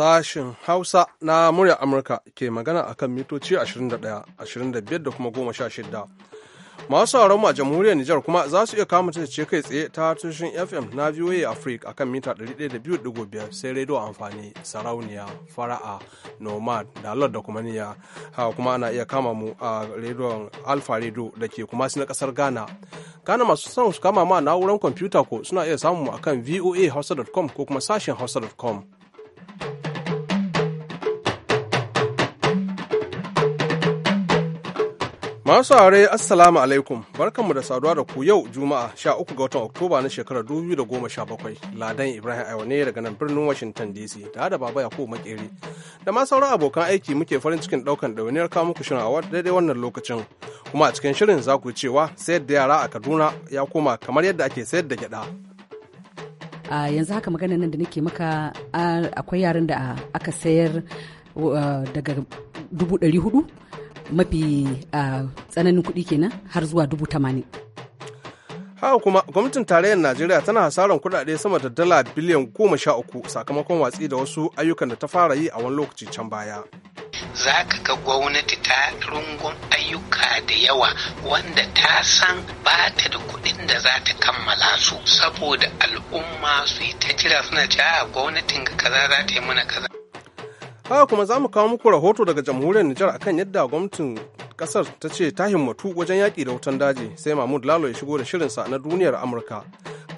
sashen Hausa na murya Amurka ke magana a kan mitoci 21, 25 da kuma 16. Masu sauraron a jamhuriyar Nijar kuma za su iya kama ce kai tsaye ta tushen FM na VOA Africa akan mita 102.5 sai rediyo amfani sarauniya fara'a nomad lord da kuma niya ha kuma ana iya kama mu a rediyon Alfa Radio da ke kuma na kasar Ghana. Ghana masu son su kama ma na'urar kwamfuta ko suna iya samun mu akan voahausa.com ko kuma sashen hausa.com. Masu aure Assalamu alaikum barkanmu da saduwa da ku yau Juma'a 13 ga watan Oktoba na shekarar 2017 Ladan Ibrahim Aiwa ne daga nan birnin Washington DC da da Baba Yakubu Makeri da ma sauran abokan aiki muke farin cikin daukan ɗawainiyar kawo muku shirin a daidai wannan lokacin kuma a cikin shirin za ku cewa sayar da yara a Kaduna ya koma kamar yadda ake sayar da gyada. yanzu haka magana nan da nake maka akwai yaran da aka sayar daga dubu ɗari hudu mafi tsananin kuɗi kenan har zuwa dubu tamanin haka kuma gwamnatin tarayyar najeriya tana hasaran kuɗaɗe sama da dala biliyan goma sha uku sakamakon watsi da wasu ayyukan da ta fara yi a wani lokaci can baya za ka ga gwamnati ta rungun ayyuka da yawa wanda ta san ba ta da kuɗin da za ta kammala su saboda al'umma su yi ta jira suna ci a gwamnatin kaza za ta yi mana kaza Haka kuma za mu kawo muku rahoto daga jamhuriyar Nijar akan yadda gwamnatin kasar ta ce ta himmatu wajen yaƙi da wutan daji sai Mahmud Lalo ya shigo da shirinsa na duniyar Amurka.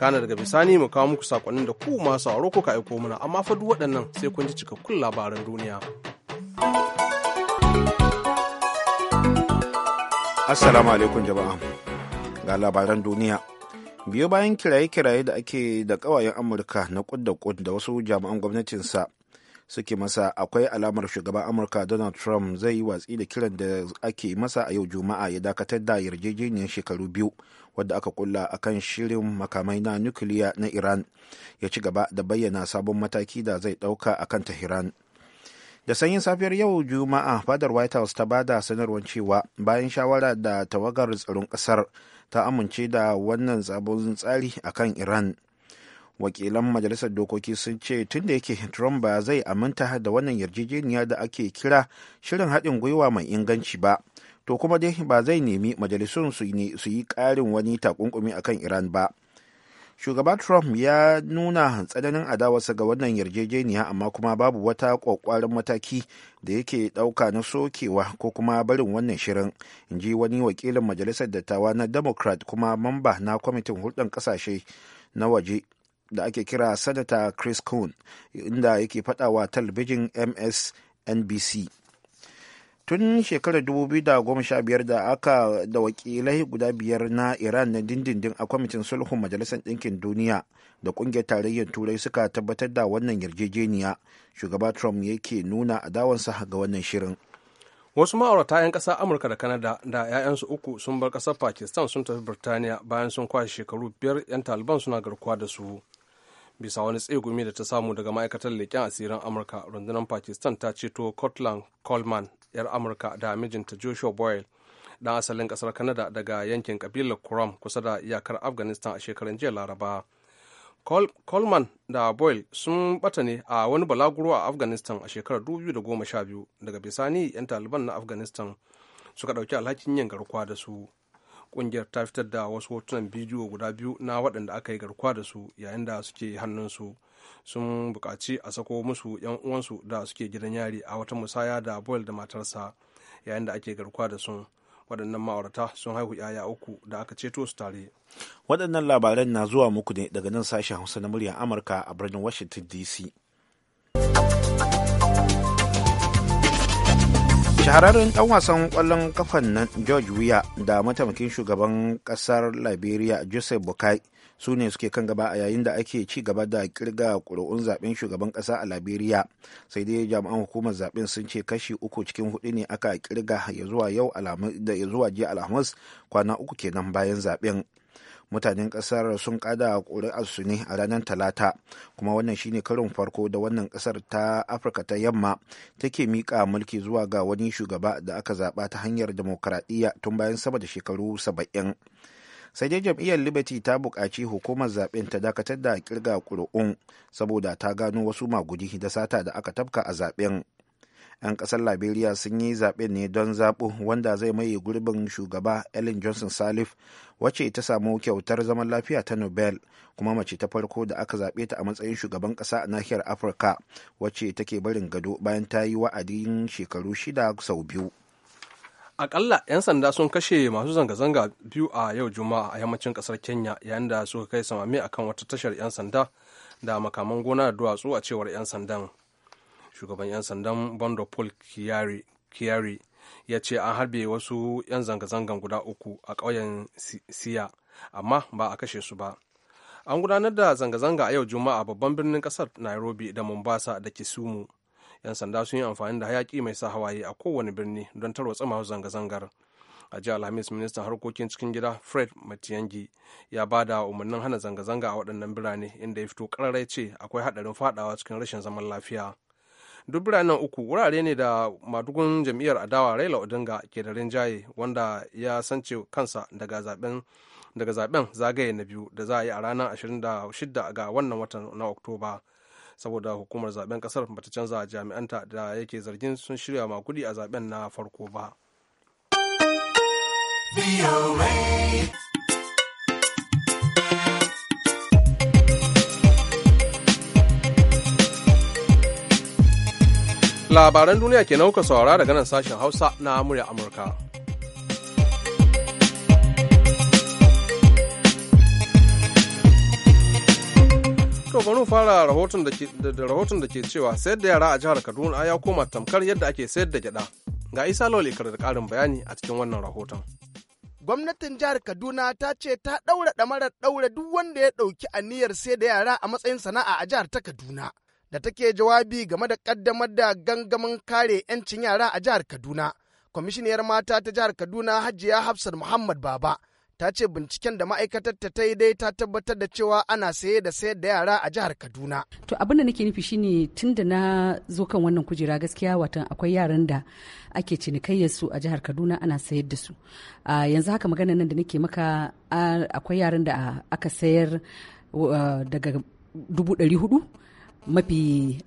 Kana daga bisani mu kawo muku sakonnin da ku masu sauraro kuka aiko mana amma fa duk waɗannan sai kun ji cikakkun labaran duniya. Assalamu alaikum jama'a. Ga labaran duniya. Biyo bayan kiraye-kiraye da ake da ƙawayen Amurka na ƙud da kud da wasu jami'an gwamnatinsa suke masa akwai alamar shugaban amurka donald trump zai yi watsi da kiran da ake masa a yau juma'a ya dakatar da yarjejeniyar shekaru biyu wadda aka kulla a kan shirin makamai na nukiliya na iran ya ci gaba da bayyana sabon mataki da zai ɗauka a kan tehran da sanyin safiyar yau juma'a fadar white house ta bada sanarwar cewa bayan shawara da tawagar tsaron kasar ta amince da wannan sabon tsari a kan iran wakilan majalisar dokoki sun ce tun da yake trump ba zai aminta da wannan yarjejeniya da ake kira shirin haɗin gwiwa mai inganci ba to kuma dai ba zai nemi majalisun su yi ƙarin wani takunkumi akan iran ba shugaba trump ya nuna tsananin adawarsa ga wannan yarjejeniya amma kuma babu wata ƙwaƙwarin mataki da yake ɗauka na sokewa ko kuma barin wannan shirin in ji wani wakilin majalisar dattawa na democrat kuma mamba na kwamitin hulɗar ƙasashe na waje da ake kira sanata chris cohn inda yake faɗawa talabijin msnbc tun shekarar 2015 da aka da wakilai guda biyar na iran na dindindin a kwamitin sulhun majalisar ɗinkin duniya da ƙungiyar tarayyar turai suka tabbatar da wannan yarjejeniya shugaba trump yake nuna adawansa ga wannan shirin wasu ma'aurata 'yan ƙasa amurka da kanada da 'ya'yansu uku sun bar ƙasar pakistan sun tafi birtaniya bayan sun kwashe shekaru biyar 'yan taliban suna garkuwa da su bisa wani tsegumi da ta samu daga ma'aikatar leƙen asirin amurka rundunar pakistan ta ceto cotland coleman 'yar amurka da mijinta joshua boyle dan asalin kasar kanada daga yankin kabilar kuram kusa da iyakar afghanistan a shekarun jiya laraba coleman da boyle sun bata ne a wani balaguro a afghanistan a shekarar 2012 daga bisani 'yan taliban na afghanistan suka ɗauki alhakin yin garkuwa da su kungiyar ta fitar da wasu hotunan bidiyo guda biyu na waɗanda aka yi garkuwa da su yayin da suke hannunsu sun buƙaci a sako musu yan uwansu da suke gidan yari a wata musaya da boyle da matarsa yayin da ake garkuwa da su waɗannan ma'aurata sun haihu 'ya'ya uku da aka ceto su tare waɗannan labaran na zuwa muku ne daga nan sashen hausa na muryar amurka a birnin washington dc shahararren dan wasan kwallon kafan nan george weah da mataimakin shugaban kasar liberia joseph bukai su ne suke kan gaba a yayin da ake ci gaba da kirga ƙuri'un zaben shugaban kasa a liberia sai dai jami'an hukumar zaben sun ce kashi uku cikin hudu ne aka kirga ya zuwa yau da ya zuwa jiya alhamis kwana uku kenan bayan zaben mutanen kasar sun kada ƙuri'arsu ne a ranar talata kuma wannan shine karin farko da wannan kasar ta afirka ta yamma take miƙa mulki zuwa ga wani shugaba da aka zaɓa ta hanyar demokaradiyya tun bayan sama da shekaru saba'in sai dai jam'iyyar liberty ta buƙaci hukumar zaɓen ta dakatar da kirga ƙuri'un saboda ta gano wasu magudi da sata da aka tafka a zaɓen 'yan ƙasar liberia sun yi zaɓe ne don zaɓo wanda zai maye gurbin shugaba ellen johnson salif wacce ta samu kyautar zaman lafiya ta nobel kuma mace ta farko da aka zaɓe ta a matsayin shugaban ƙasa a nahiyar afirka wacce take barin gado bayan ta yi wa'adin shekaru shida sau biyu akalla 'yan sanda sun kashe masu zanga-zanga biyu a yau juma'a a yammacin kasar kenya yayin da suka kai samame akan wata tashar 'yan sanda da makaman gona da duwatsu a cewar 'yan sandan shugaban 'yan sandan bando paul kiyari ya ce an harbe wasu 'yan zanga-zangan guda uku a ƙauyen siya amma ba a kashe su ba an gudanar da zanga-zanga a yau juma'a babban birnin kasar nairobi da mombasa da kisumu 'yan sanda sun yi amfani da hayaƙi mai sa hawaye a kowane birni don tarwatsa masu zanga-zangar a jiya alhamis ministan harkokin cikin gida fred matiyangi ya ba da umarnin hana zanga-zanga a waɗannan birane inda ya fito ƙararai ce akwai haɗarin faɗawa cikin rashin zaman lafiya duk biranen uku wurare ne da madugun jam'iyyar adawa raila odinga ke da rinjaye wanda ya sance kansa daga zaben zagaye na biyu da za a yi a ranar 26 ga wannan watan na oktoba saboda hukumar zaben kasar bata canza jami'anta da yake zargin sun shirya makudi a zaben na farko ba. labaran duniya ke nauka saurara daga nan sashen hausa na murya amurka to fara rahoton da rahoton da ke cewa sayar da yara a jihar kaduna ya koma tamkar yadda ake sayar da gyada ga isa lawal da karin bayani a cikin wannan rahoton gwamnatin jihar Kaduna ta ce ta ɗaura ɗamarar ɗaura duk wanda ya ɗauki aniyar sai da yara a matsayin sana'a a jihar ta Kaduna. da take jawabi game da kaddamar da gangamin kare 'yancin yara a jihar Kaduna. Kwamishiniyar mata ta jihar Kaduna Hajiya Hafsat Muhammad Baba ta ce binciken da ma'aikatar ta ta yi dai ta tabbatar da cewa ana saye da sayar da yara a jihar Kaduna. To abin da nake nufi shine tun da na zo kan wannan kujera gaskiya watan akwai yaran da ake cinikayyar su a jihar Kaduna ana sayar da su. yanzu haka magana nan da nake maka akwai yaran da aka sayar daga dubu ɗari hudu mafi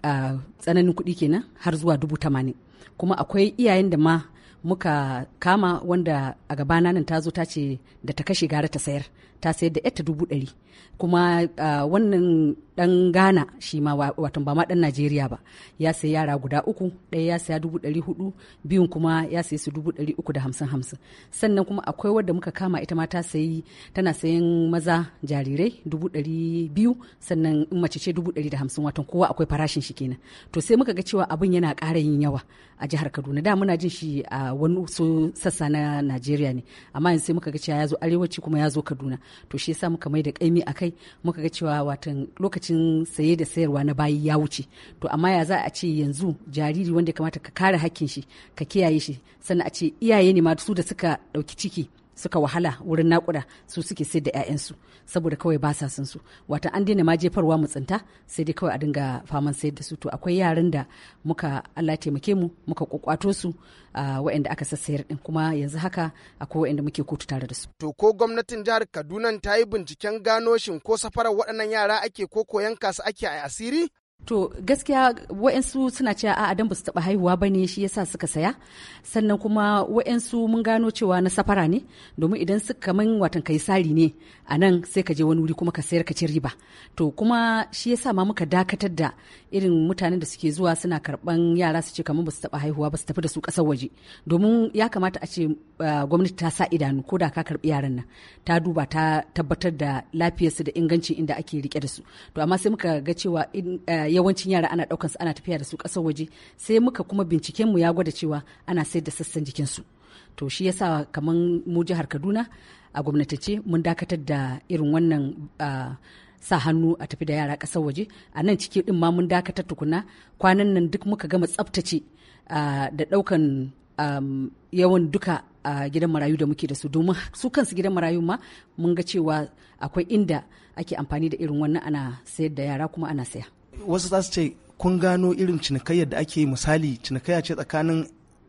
tsananin kuɗi kenan har zuwa dubu tamanin kuma akwai iyayen da ma muka kama wanda a gabana nan ta zo ta ce da ta kashe gara ta sayar ta sayar da yata dubu ɗari kuma wannan dan ghana shi ma watan ba ma ɗan najeriya ba ya sayi yara guda uku ɗaya ya saya dubu ɗari hudu biyun kuma ya sayi su dubu ɗari uku da hamsin hamsin sannan kuma akwai wadda muka kama ita ma ta sayi tana sayan maza jarirai dubu ɗari biyu sannan in mace ce dubu ɗari da hamsin watan kowa akwai farashin shi kenan to sai muka ga cewa abin yana ƙara yin yawa a jihar kaduna da muna jin shi a wani sassa na najeriya ne amma yanzu sai muka ga cewa ya zo arewaci kuma ya zo kaduna to shi yasa muka mai da kaimi a kai muka ga cewa watan lokacin saye da sayarwa na bayi ya wuce to amma ya za a ce yanzu jariri wanda ya kamata ka kare hakkin shi ka kiyaye shi sannan a ce iyaye ne ma su da suka ɗauki ciki suka wahala wurin nakuda su suke sai da 'ya'yansu saboda kawai ba sa sun su wata an daina ma jefarwa mu tsinta sai dai kawai a dinga faman sayar da su to akwai yaran da muka Allah taimake mu muka kwakwato su waɗanda aka sassayar din kuma yanzu haka akwai waɗanda muke kotu tare da su to ko gwamnatin jihar Kaduna ta yi binciken gano shin ko safarar waɗannan yara ake ko koyan kasu ake a asiri To gaskiya wa'yansu suna cewa a'a dan ba su taɓa haihuwa ba ne shi yasa suka saya sannan kuma wa'yansu mun gano cewa na safara ne domin idan suka kaman watan kai sari ne a nan sai ka je wani wuri kuma ka sayar ka ci riba to kuma shi yasa ma muka dakatar da irin mutanen da suke zuwa suna karɓan yara su ce kamar ba su taɓa haihuwa ba su tafi da su ƙasar waje domin ya kamata a ce gwamnati ta sa idanu ko da ka karɓi yaran nan ta duba ta tabbatar da lafiyarsu da ingancin inda ake rike da su to amma sai muka ga cewa eh, yawancin yara ana daukan su ana tafiya da su kasar waje sai muka kuma binciken mu ya gwada cewa ana sayar da sassan jikin su to shi yasa kamar mu jihar Kaduna a gwamnatace mun dakatar da irin wannan sa hannu a tafi da yara kasar waje a nan ciki din ma mun dakatar tukuna kwanan nan duk muka gama tsaftace da daukan yawan duka a gidan marayu da muke da su domin su kansu gidan marayu ma mun ga cewa akwai inda ake amfani da irin wannan ana sayar da yara kuma ana saya. wasu za su ce kun gano irin cinikayyar da ake misali cinikayya ce tsakanin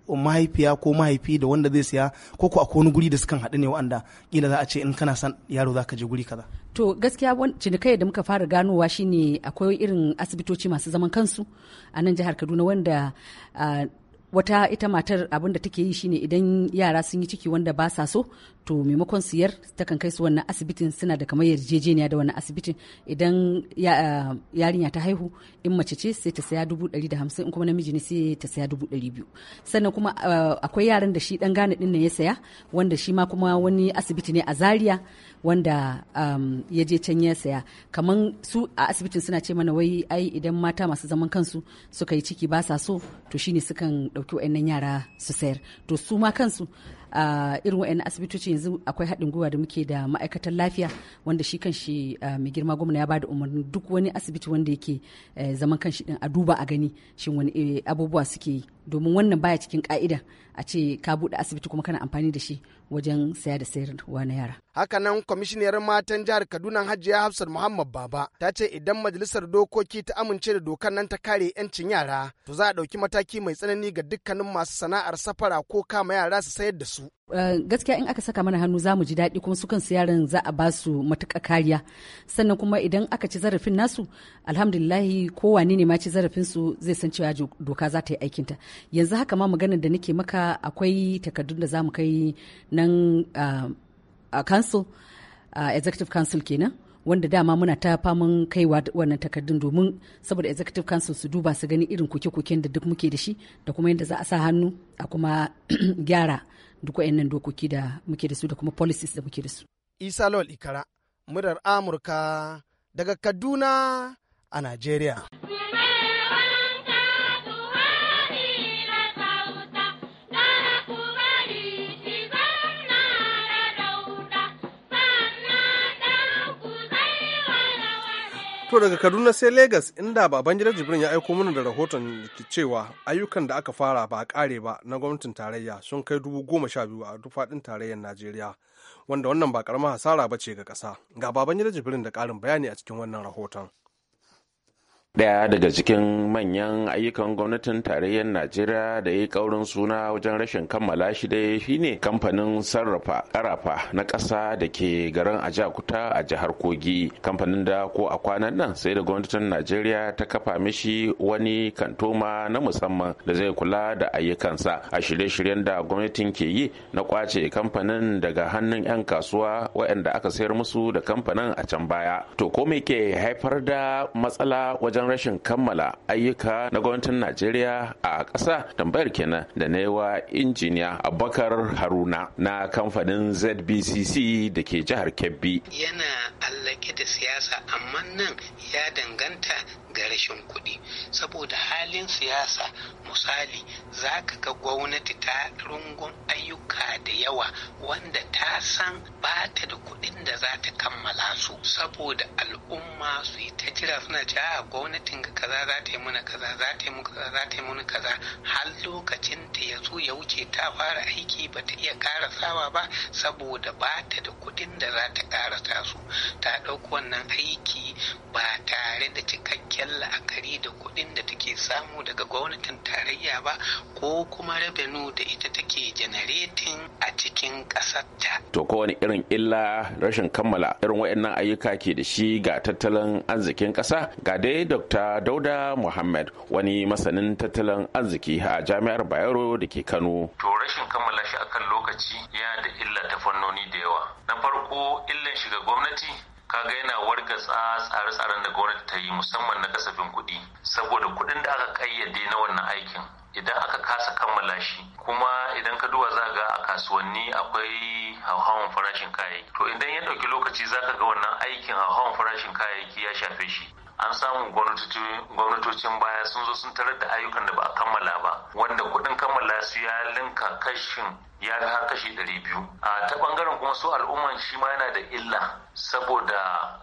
mahaifiya ko mahaifi da wanda zai siya ko ko akwai wani guri da sukan haɗu ne wa'anda kila za a ce in kana san yaro za ka je guri kaza. To gaskiya cinikayyar da muka fara ganowa shine akwai irin asibitoci masu zaman kansu a nan jihar Kaduna wanda ah, wata ita matar abin da take yi shine idan yara sun yi ciki wanda ba sa so to maimakon siyar takan kai su wannan asibitin suna da kamar yarjejeniya da wannan asibitin idan eh, yarinya ta haihu in mace ce sai ta saya dubu ɗari da hamsin in kuma namiji ne sai ta saya dubu ɗari biyu sannan kuma eh, akwai yaran da shi dan gane ɗin ne ya saya wanda shi ma kuma wani asibiti ne a zaria wanda um, ya je can ya saya kamar su a asibitin suna ce mana wai ai idan mata masu zaman kansu suka yi ciki ba sa so to shine sukan ɗauki wa'annan yara su sayar to su ma kansu a irin wa'in asibitoci yanzu akwai haɗin gwiwa da muke da ma'aikatan lafiya wanda shi kan kanshi mai girma gwamna ya bada umarni duk wani asibiti wanda yake eh, zaman kan shi din a duba a gani shin wani eh, abubuwa suke yi domin wannan baya cikin ka'ida a ce ka buɗe asibiti kuma kana amfani da shi wajen sayar da sayarwa na yara. Hakanan kwamishiniyar matan jihar Kaduna Hajiya Hafsat Muhammad Baba ta ce idan majalisar dokoki ta amince da dokar nan ta kare 'yancin yara to za a ɗauki mataki mai tsanani ga dukkanin masu sana'ar safara ko kama yara su sayar da su. Eh, gaskiya in aka saka mana hannu za mu ji daɗi kuma su kansu yaran za a basu matuƙa kariya sannan kuma idan aka ci zarafin nasu alhamdulillahi kowane ne ma ci zarafin su zai san cewa doka za ta yi aikinta yanzu haka ma maganar da nake maka akwai takardun da za mu kai nan eh, a council uh, executive council kenan wanda dama muna ta faman kaiwa wannan takardun domin saboda executive council su duba su gani irin koke-koken da duk muke da shi da kuma yadda za a sa hannu a kuma gyara duk wayannan dokoki da muke da su da kuma policies da muke da su isa lol ikara murar amurka daga kaduna a najeriya To daga Kaduna sai Legas inda baban gidan Jibrin ya aiko mana da rahoton cewa ayyukan da aka fara ba a kare ba na gwamnatin tarayya sun kai dubu goma sha biyu a duk faɗin tarayyar Najeriya wanda wannan ba karamar hasara ba ce ga ƙasa. Ga baban gidan Jibrin da ƙarin bayani a cikin wannan rahoton. Daya daga cikin manyan ayyukan gwamnatin tarayyar Najeriya da ya kaurin suna wajen rashin kammala shi dai shine kamfanin sarrafa karafa na ƙasa da ke garin Ajakuta a jihar Kogi. Kamfanin da ko a kwanan nan sai da gwamnatin Najeriya ta kafa mishi wani kantoma na musamman da zai kula da ayyukansa a shirye-shiryen da gwamnatin ke yi na kwace kamfanin daga hannun 'yan kasuwa waɗanda aka sayar musu da kamfanin a can baya. To ko ke haifar da matsala wajen don rashin kammala ayyuka na gwamnatin najeriya a ƙasa tambayar kenan da na wa injiniya abubakar haruna na kamfanin zbcc da ke jihar kebbi yana allake da siyasa amma nan ya danganta ga rashin kuɗi saboda halin siyasa misali za ka ga gwamnati ta rungun ayyuka da yawa wanda ta san Bata da kuɗin da za ta kammala su saboda al'umma su yi ta jira suna ce a ah, gwamnatin ga kaza za ta yi mana kaza za ta yi mu kaza za ta yi mana kaza har lokacin ta ya zo ya wuce ta fara aiki ba ta iya karasawa ba saboda bata da kuɗin da za ta karasa su ta ɗauki wannan aiki ba tare da cikakken la'akari da kuɗin da take samu daga gwamnatin tarayya ba ko kuma rabenu da ita take janaretin a cikin ƙasarta. To kowane irin irin illa rashin kammala irin waɗannan ayyuka ke da shi ga tattalin arzikin kasa? ga dai dr dauda muhammad wani masanin tattalin arziki a jami'ar bayero da ke kano to rashin kammala shi akan lokaci ya da illa ta fannoni da yawa na farko illan shiga gwamnati kaga yana wargatsa tsare-tsaren da gwamnati ta yi musamman na kasafin kuɗi saboda kuɗin da aka kayyade na wannan aikin idan aka kasa kammala shi kuma idan ka duba za ga a kasuwanni akwai hauhawan farashin kayayyaki to idan ya ɗauki lokaci zaka ga wannan aikin hauhawan farashin kayayyaki ya shafe shi an samu gwamnatocin baya sun zo sun tarar da ayyukan da ba a kammala ba wanda kuɗin kammala su ya linka kashin ya da har kashi ɗari biyu a ta bangaren kuma su al'umman shi ma yana da illa saboda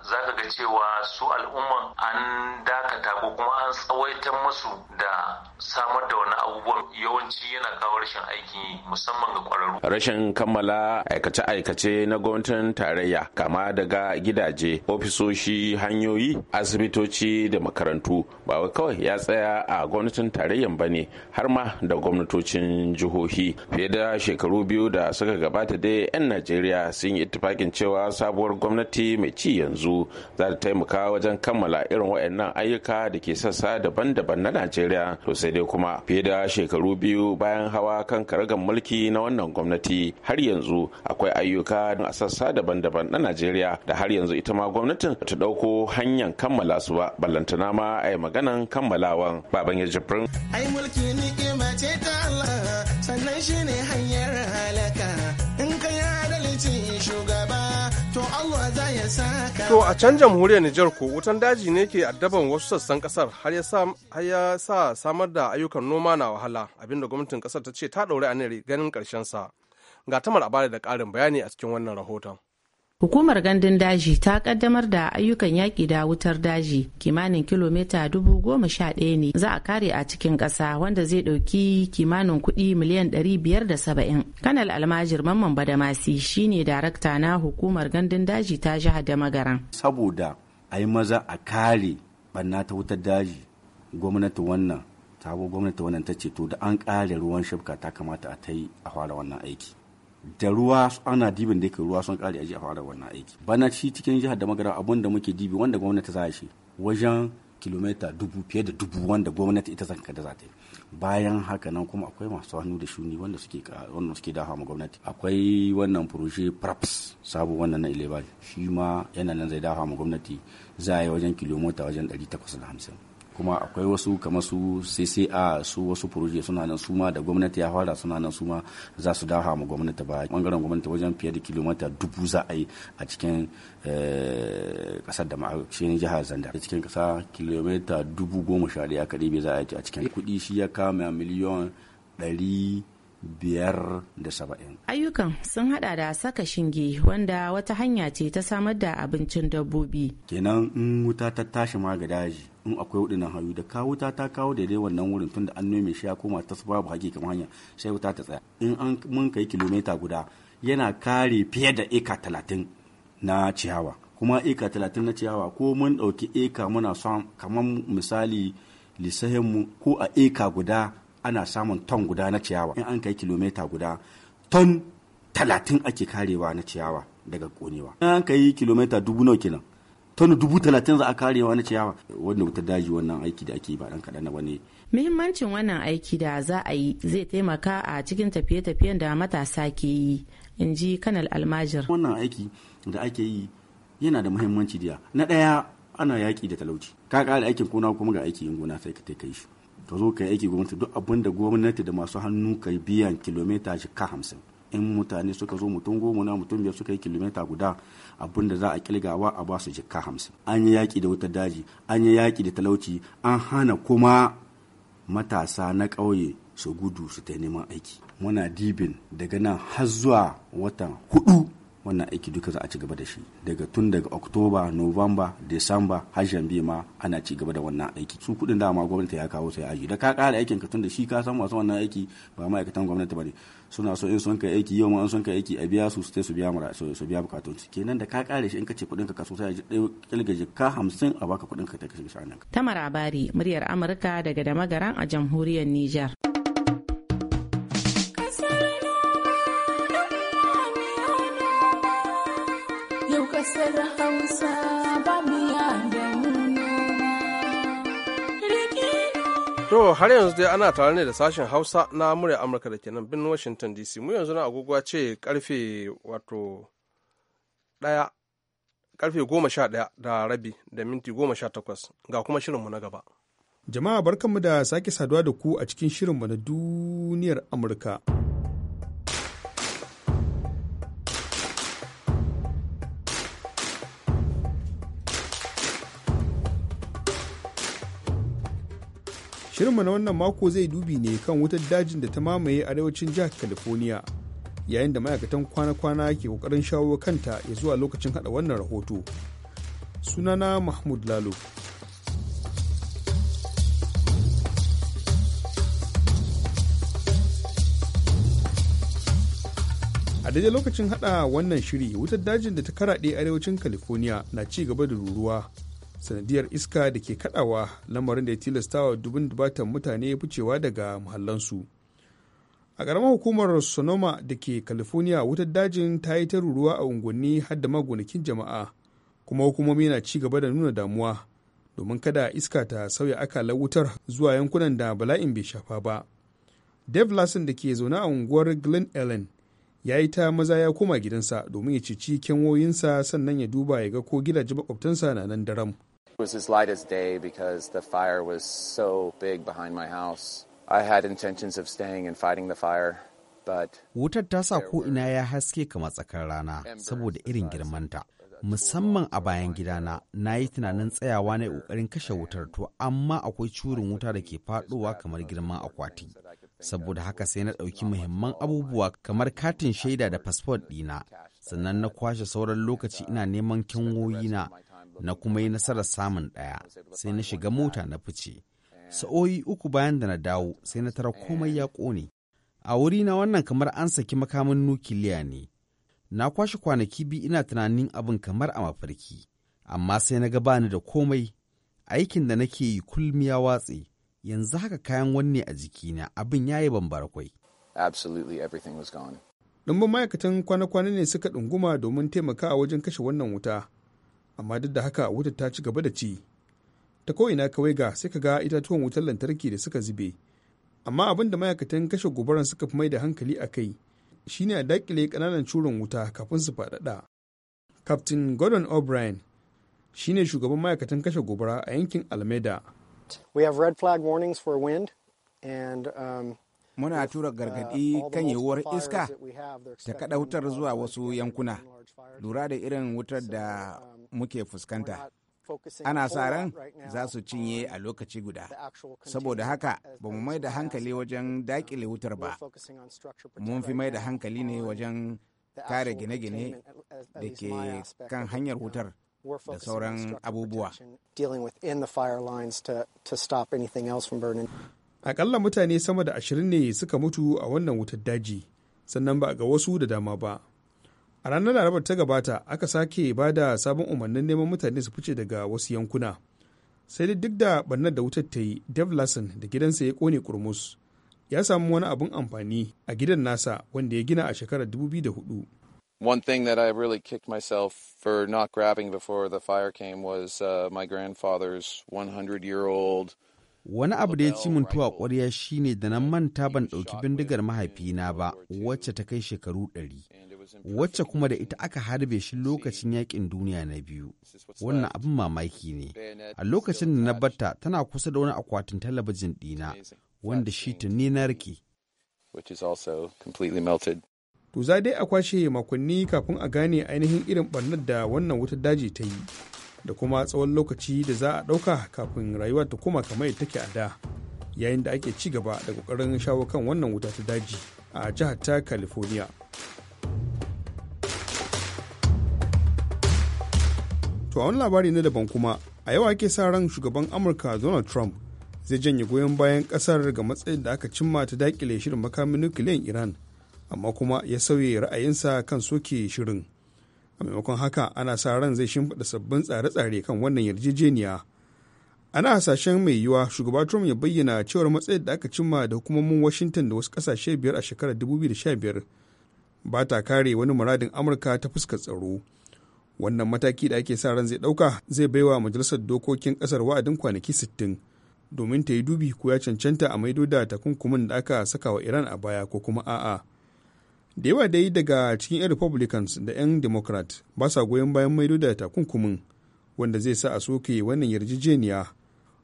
za ka ga cewa su al'umman an dakata ko kuma an tsawaitar musu da samar da wani abubuwan yawanci yana kawo rashin aiki musamman ga kwararru. Rashin kammala aikace-aikace na gwamnatin tarayya kama daga gidaje, ofisoshi, hanyoyi, asibitoci da makarantu ba kawai ya tsaya a gwamnatin tarayyan ba ne har ma da gwamnatocin jihohi fiye da shekaru shekaru biyu da suka gabata dai 'yan najeriya sun yi ittifakin cewa sabuwar gwamnati mai ci yanzu za ta taimaka wajen kammala irin waɗannan ayyuka da ke sassa daban-daban na najeriya to sai dai kuma fiye da shekaru biyu bayan hawa kan karagar mulki na wannan gwamnati har yanzu akwai ayyuka a sassa daban-daban na najeriya da har yanzu ita ma gwamnatin ta ɗauko hanyar kammala su ba ballantana ma a yi maganan kammalawan baban ya jibrin ai mulki ni ce ta Allah sannan shine hanyar To a can jamhuriyar Nijar ko wutan daji ne ke addaban wasu sassan kasar har ya sa samar da ayyukan noma na wahala abinda gwamnatin kasar ta ce ta ɗauri a ganin ƙarshen sa. Ga tamar a da ƙarin bayani a cikin wannan rahoton. Hukumar gandun daji ta kaddamar da ayyukan yaƙi da wutar daji kimanin kilomita dubu goma sha ɗaya ne za a kare a cikin ƙasa wanda zai ɗauki kimanin kuɗi miliyan ɗari biyar da saba'in. Kanal Almajir Mamman Badamasi ne darakta na hukumar gandun daji ta jiha da magaran. Saboda a yi maza a kare ɓanna ta wutar daji gwamnati wannan sabo gwamnati wannan ta ce to da an kare ruwan shafka ta kamata a ta yi a fara wannan aiki da ruwa ana dibin da yake ruwa sun kare aji a fara wannan aiki bana shi cikin jihar da magana abun da muke dibi wanda gwamnati za shi wajen kilomita dubu fiye da dubu wanda gwamnati ita zan kada za ta yi bayan haka nan kuma akwai masu hannu da shuni wanda suke wanda suke dafa ma gwamnati akwai wannan proje praps sabu wannan na ilebal shi ma yana nan zai dafa ma gwamnati za a yi wajen kilomita wajen 850 kuma akwai wasu kamar su cca su wasu proje suna nan su da gwamnati ya fara suna nan su ma za su dawo mu gwamnati ba bangaren gwamnati wajen fiye da kilomita dubu za a yi a cikin kasar eh, da ma'aikacin jihar a cikin kasa kilomita dubu goma sha daya kaɗai bai za a yi a cikin kuɗi shi ya kama miliyon ɗari biyar da saba'in. Ayyukan sun hada da saka shinge wanda wata hanya ce ta samar da abincin dabbobi. Kenan in wuta ta tashi ma ga daji in akwai waɗannan hayu da ka wuta ta kawo daidai wannan wurin tun da an nome shi ya koma ta babu hakikin hanya sai wuta ta tsaya. In an mun kai kilomita guda yana kare fiye da eka talatin na ciyawa. Kuma eka talatin na ciyawa ko mun ɗauki eka muna son kamar misali lissahinmu ko a eka guda ana samun ton guda na ciyawa in an kai kilomita guda ton talatin ake karewa na ciyawa daga konewa in an kai kilomita dubu nawa kenan ton dubu talatin za a karewa na ciyawa wanda wuta daji wannan aiki da ake ba dan kaɗan na muhimmancin wannan aiki da za a yi zai taimaka a cikin tafiye-tafiyen da matasa ke yi in ji kanal almajir. wannan aiki da ake yi yana da muhimmanci diya na ɗaya ana yaƙi da talauci ka ƙara aikin gona kuma ga aiki aikin gona sai ka kai shi ta zo ka yi aiki gwamnati duk abin da gwamnati da masu hannu ka biyan kilomita shi ka hamsin in mutane suka zo mutum goma na mutum biyar suka yi kilomita guda abin da za a kilgawa a ba su jikka hamsin an yi yaƙi da wutar daji an yi yaƙi da talauci an hana kuma matasa na ƙauye su gudu su ta neman aiki muna dibin daga nan har zuwa watan hudu wannan aiki duka za a ci gaba da shi daga tun daga oktoba novamba desamba har janbi ma ana ci gaba da wannan aiki su kuɗin dama gwamnati ya kawo sai aji da ka ƙara aikin ka tun da shi ka san masu wannan aiki ba ma'aikatan gwamnati ba ne suna so in sun kai aiki yau ma in sun kai aiki a biya su su su biya mura su biya bukatun su kenan da ka kare shi in ka ce kuɗin ka kaso sai kilgaji ka hamsin a baka kuɗin ka ta kashe shi muryar Amurka daga Damagaran a jamhuriyar niger. kasar hausa ba miya da To har yanzu dai ana tare ne da sashen Hausa na murya Amurka da kenan bin Washington DC. Mu yanzu na agogwa ce karfe wato daya karfe goma sha ɗaya da rabi da minti goma sha takwas ga kuma shirinmu na gaba. Jama'a barkanmu da sake saduwa da ku a cikin shirinmu na duniyar Amurka. Shirinmu na wannan mako zai dubi ne kan wutar dajin da ta mamaye arewacin jihar California yayin da ma'aikatan kwana-kwana ke kokarin shawo kanta ya zuwa lokacin hada wannan rahoto. Sunana Mahmud Lalo. a daidai lokacin hada wannan shiri wutar dajin da ta karaɗe arewacin california na ci gaba da ruruwa sanadiyar iska da ke kadawa lamarin da ya tilastawa dubin dubatan mutane ficewa daga muhallansu a ƙaramar hukumar sonoma da ke california wutar dajin ta yi ta ruruwa a unguwanni har da magonakin jama'a kuma hukumomi na ci gaba da nuna damuwa domin kada iska ta sauya akalar wutar zuwa yankunan da bala'in bai shafa ba dev larson da ke zaune a unguwar glen ellen ya yi ta maza ya koma gidansa domin ya cici kyanwoyinsa sannan ya duba ya ga ko gidaje makwabtansa na nan daram It was as light as day because the fire was so big behind my house. I had intentions of staying and fighting the fire. Wutar ta sa ko ina ya haske kamar tsakar rana saboda irin girmanta. Musamman a bayan gidana, na yi tunanin tsayawa na ƙoƙarin kashe wutar to amma akwai curin wuta da ke faɗowa kamar girman akwati. Saboda haka sai na ɗauki muhimman abubuwa kamar katin shaida da fasfot ɗina, sannan na kwashe sauran lokaci ina neman na na kuma yi nasarar samun ɗaya sai na shiga mota na fice sa'o'i uku bayan da na dawo sai na tara komai ya ƙone a wuri na wannan kamar an saki makamin nukiliya ne na kwashe kwanaki biyu ina tunanin abin kamar a mafarki amma sai na ga bani da komai aikin da nake yi kullum ya watse yanzu haka kayan wanne a jikina abin ya yi bambara kwai absolutely Ɗumbin ma'aikatan kwana-kwana ne suka ɗunguma domin taimakawa wajen kashe wannan wuta, amma duk da haka wutar ta ci gaba da ci ta ko'ina kawai ga sai ka ga itatuwan wutar lantarki da suka zube amma abin da ma'aikatan kashe gobaran suka fi mai da hankali a kai shine a dakile kananan curin wuta kafin su faɗaɗa captain gordon o'brien shine shugaban ma'aikatan kashe gobara a yankin alameda we have red for wind and um, muna tura uh, gargaɗi kan yiwuwar iska ta kaɗa wutar zuwa wasu yankuna lura da irin wutar da uh, muke fuskanta ana sa ran za su cinye a lokaci guda saboda haka ba mu mai da hankali wajen dakile wutar ba mun fi mai da hankali ne wajen kare gine-gine da ke kan hanyar uh, wutar da sauran abubuwa akalla mutane sama da ashirin ne suka mutu a wannan wutar daji sannan ba ga wasu da dama ba a ranar larabar ta gabata aka sake ba da sabon umarnin neman mutane su fice daga wasu yankuna sai dai duk da da wutar ta yi dev da gidansa ya kone kurmus ya samu wani abin amfani a gidan nasa wanda ya gina a shekarar 2004 One thing that I really kicked myself for not grabbing before the fire came was uh, my grandfather's 100 year old wani abu da ya ci mun tuwa ƙwarya shine da na manta ban ɗauki bindigar mahaifina ba wacce ta kai shekaru ɗari wacce kuma da ita aka harbe shi lokacin yakin duniya na biyu wannan abin mamaki ne a lokacin da na batta tana kusa da wani akwatin talabijin ɗina wanda shi tuni na rike to za dai a kwashe makonni kafin a gane ainihin irin ɓarnar da wannan wutar daji ta yi da kuma tsawon lokaci da za a ɗauka kafin rayuwa ta koma kamar yadda take a da yayin da ake ci gaba da ƙoƙarin shawo kan wannan wuta ta daji a jihar ta california to a wani labari na daban kuma a yau ake sa ran shugaban amurka donald trump zai janye goyon bayan kasar ga matsayin da aka cimma ta dakile shirin makamin nukiliyan iran amma kuma ya sauye ra'ayinsa kan soke shirin a maimakon haka ana sa ran zai shimfiɗa sabbin tsare-tsare kan wannan yarjejeniya ana hasashen mai yiwuwa shugaba trump ya bayyana cewar matsayin da aka cimma da hukumomin washington da wasu kasashe biyar a shekarar 2015 ba ta kare wani muradin amurka ta fuskar tsaro wannan mataki da ake sa ran zai ɗauka zai baiwa majalisar dokokin ƙasar wa'adin kwanaki sittin domin ta yi dubi ko ya cancanta a maido da takunkumin da aka saka wa iran a baya ko kuma a'a da yawa dai daga cikin 'yan republicans da 'yan democrat ba sa goyon bayan maido da takunkumin wanda zai sa a soke wannan yarjejeniya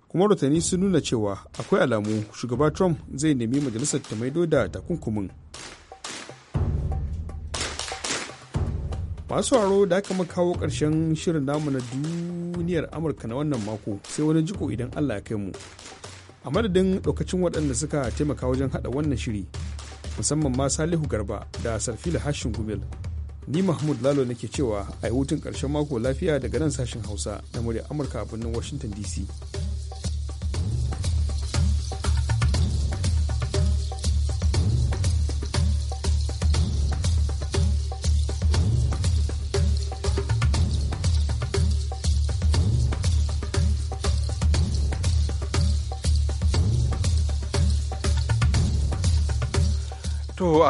kuma rotani sun nuna cewa akwai alamu shugaba trump zai nemi majalisar ta maido da takunkumin masu haro da aka kawo ƙarshen shirin namu na duniyar amurka na wannan mako sai wani jiko idan allah ya kai mu a madadin lokacin waɗanda suka taimaka wajen haɗa wannan shiri musamman ma Salihu Garba da Sarfila Hashin Gumel. Ni Mahmud Lalo nake cewa a yi hutun ƙarshen mako lafiya daga nan sashen Hausa na murya Amurka a birnin Washington DC.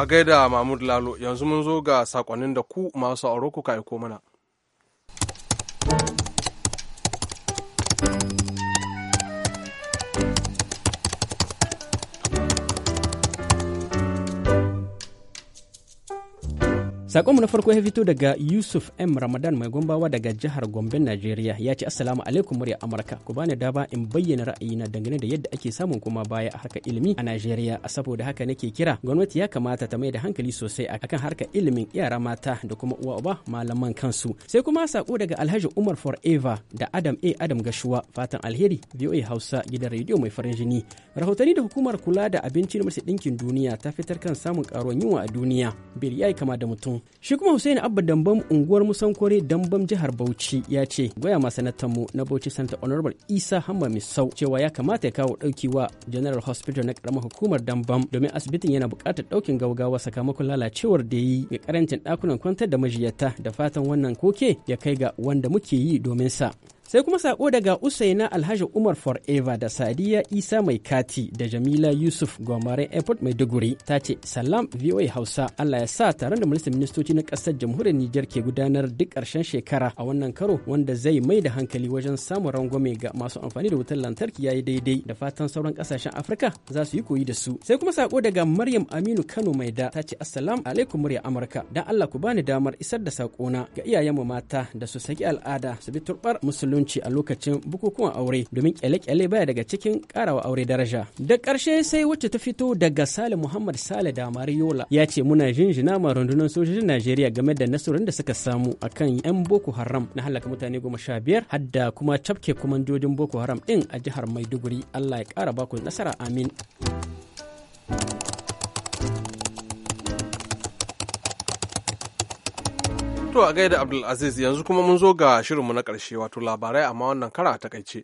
a gaida Mahmud Lalo yanzu mun zo ga sakonnin da ku masu auro kuka aiko mana. Sakonmu na farko ya fito daga Yusuf M. Ramadan mai gombawa daga jihar Gombe, Najeriya ya ce Assalamu alaikum murya Amurka. Ku bani daba in bayyana ra'ayi na dangane da yadda ake samun kuma baya a harkar ilimi a Najeriya. Saboda haka nake kira gwamnati ya kamata ta mai da hankali sosai akan harkar ilimin yara mata da kuma uwa uba malaman kansu. Sai kuma sako daga Alhaji Umar Forever da Adam A. Adam Gashuwa fatan alheri VOA Hausa gidan rediyo mai farin jini. Rahotanni da hukumar kula da abinci na Majalisar Ɗinkin Duniya ta fitar kan samun karuwan yunwa a duniya. Biri ya kama da mutum shi kuma hussein abba dambam unguwar musankore dambam jihar bauchi ya ce goya ma mu na bauchi santa honorable isa hamma misau cewa ya kamata ya kawo dauki wa general hospital na karamar hukumar dambam domin asibitin yana bukatar daukin gaugawa sakamakon lalacewar da yi ga karancin dakunan kwantar da majiyata da fatan wannan koke ya kai ga wanda muke yi domin sa sai kuma sako daga usaina alhaji umar forever da sadiya isa mai kati da jamila yusuf gomare airport maiduguri ta ce salam voa hausa allah ya sa taron da Ministan ministoci na kasar jamhuriyar nijar ke gudanar duk ƙarshen shekara a wannan karo wanda zai mai da hankali wajen samun rangwame ga masu amfani da wutar lantarki ya yi daidai da fatan sauran ƙasashen afirka za su yi koyi da su sai kuma sako daga maryam aminu kano mai da ta ce Assalamu alaikum murya amurka dan allah ku bani damar isar da sakona ga iyayenmu mata da su saki al'ada su bi turɓar musulunci zalunci a lokacin bukukuwan aure domin kyale-kyale baya daga cikin karawa aure daraja. Da karshe sai wacce ta fito daga Sale Muhammad Sale da Mariola ya ce muna jinjina ma rundunar sojojin Najeriya game da nasarorin da suka samu akan 'yan Boko Haram na halaka mutane goma sha biyar hadda kuma cafke kwamandojin Boko Haram ɗin a jihar Maiduguri. Allah ya ƙara baku nasara amin. To a gaida Abdulaziz yanzu kuma mun zo ga shirinmu na karshe wato labarai amma wannan kara ta kaice.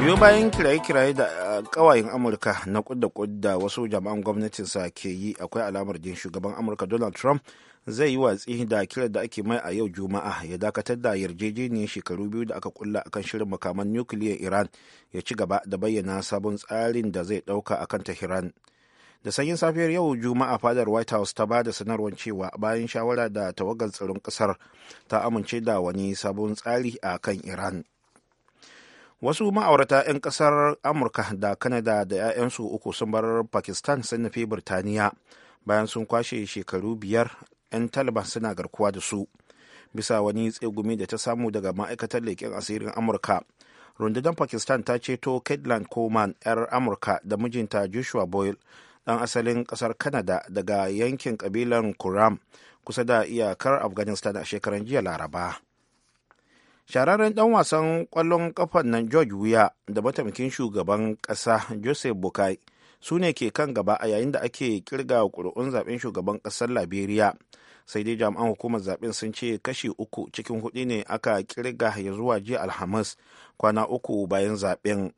biyu bayan kiraye-kiraye da kawayen amurka na kudda kudda wasu jami'an gwamnatinsa ke yi akwai alamar jin shugaban amurka donald trump zai yi watsi da kiran da ake mai a yau juma'a ya dakatar da yarjejeniyar shekaru biyu da aka kulla akan shirin makaman nukiliyar iran ya ci gaba da bayyana sabon tsarin da zai dauka akan tehran da sanyin safiyar yau juma'a fadar white house ta ba da sanarwar cewa bayan shawara da tawagar tsaron kasar ta amince da wani sabon tsari a kan iran wasu ma'aurata 'yan kasar amurka da kanada da 'ya'yansu uku sun bar pakistan sun nufi birtaniya bayan sun kwashe shekaru biyar 'yan taliban suna garkuwa da su bisa wani tsegumi da ta samu daga ma'aikatar leƙen asirin amurka rundunar pakistan ta ceto caitlin coleman 'yar amurka da mijinta joshua boyle ɗan asalin ƙasar kanada daga yankin ƙabilan Kuram kusa da iyakar Afghanistan a shekaran jiya Laraba. Shararren ɗan wasan ƙwallon ƙafan nan George Weah da mataimakin shugaban ƙasa Joseph Bukai su ne ke kan gaba a yayin da ake kirga ƙuri'un zaɓen shugaban ƙasar Liberia. sai dai jami'an hukumar zaben sun ce kashi uku cikin hudu ne aka kirga ya zuwa jiya alhamis kwana uku bayan zaben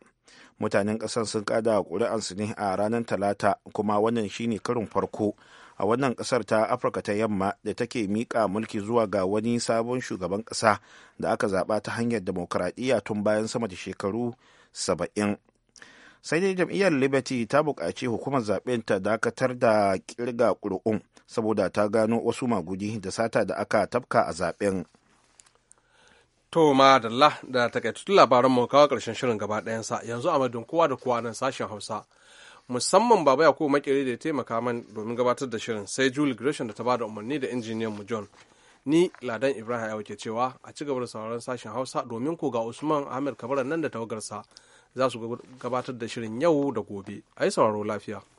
mutanen ƙasar sun kada ƙuri'ansu ne a ranar talata kuma wannan shine karin farko a wannan ƙasar ta afirka ta yamma da take miƙa mulki zuwa ga wani sabon shugaban ƙasa da aka zaɓa ta hanyar demokuraɗiyya tun bayan sama da shekaru saba'in sai dai jam'iyyar liberty ta buƙaci hukumar zaɓen ta dakatar da ƙirga ƙuri'un saboda ta gano wasu magudi da sata da aka tafka a zaɓen To ma da la da takaitattun labaran mu kawo ƙarshen shirin gaba ɗayansa yanzu a madun kowa da kowa nan sashen Hausa. Musamman Baba ya Yakubu Makere da ya taimaka man domin gabatar da shirin sai Julie Gresham da ta bada umarni da injiniyan mu John. Ni Ladan Ibrahim Ayo ke cewa a ci gaba da sauraron sashen Hausa domin ko ga Usman Ahmed Kabara nan da tawagarsa za su gabatar da shirin yau da gobe. A yi sauraro lafiya.